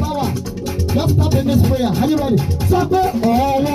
power. Just stop in this prayer. Are you ready? Sọ pé ọ̀rọ̀.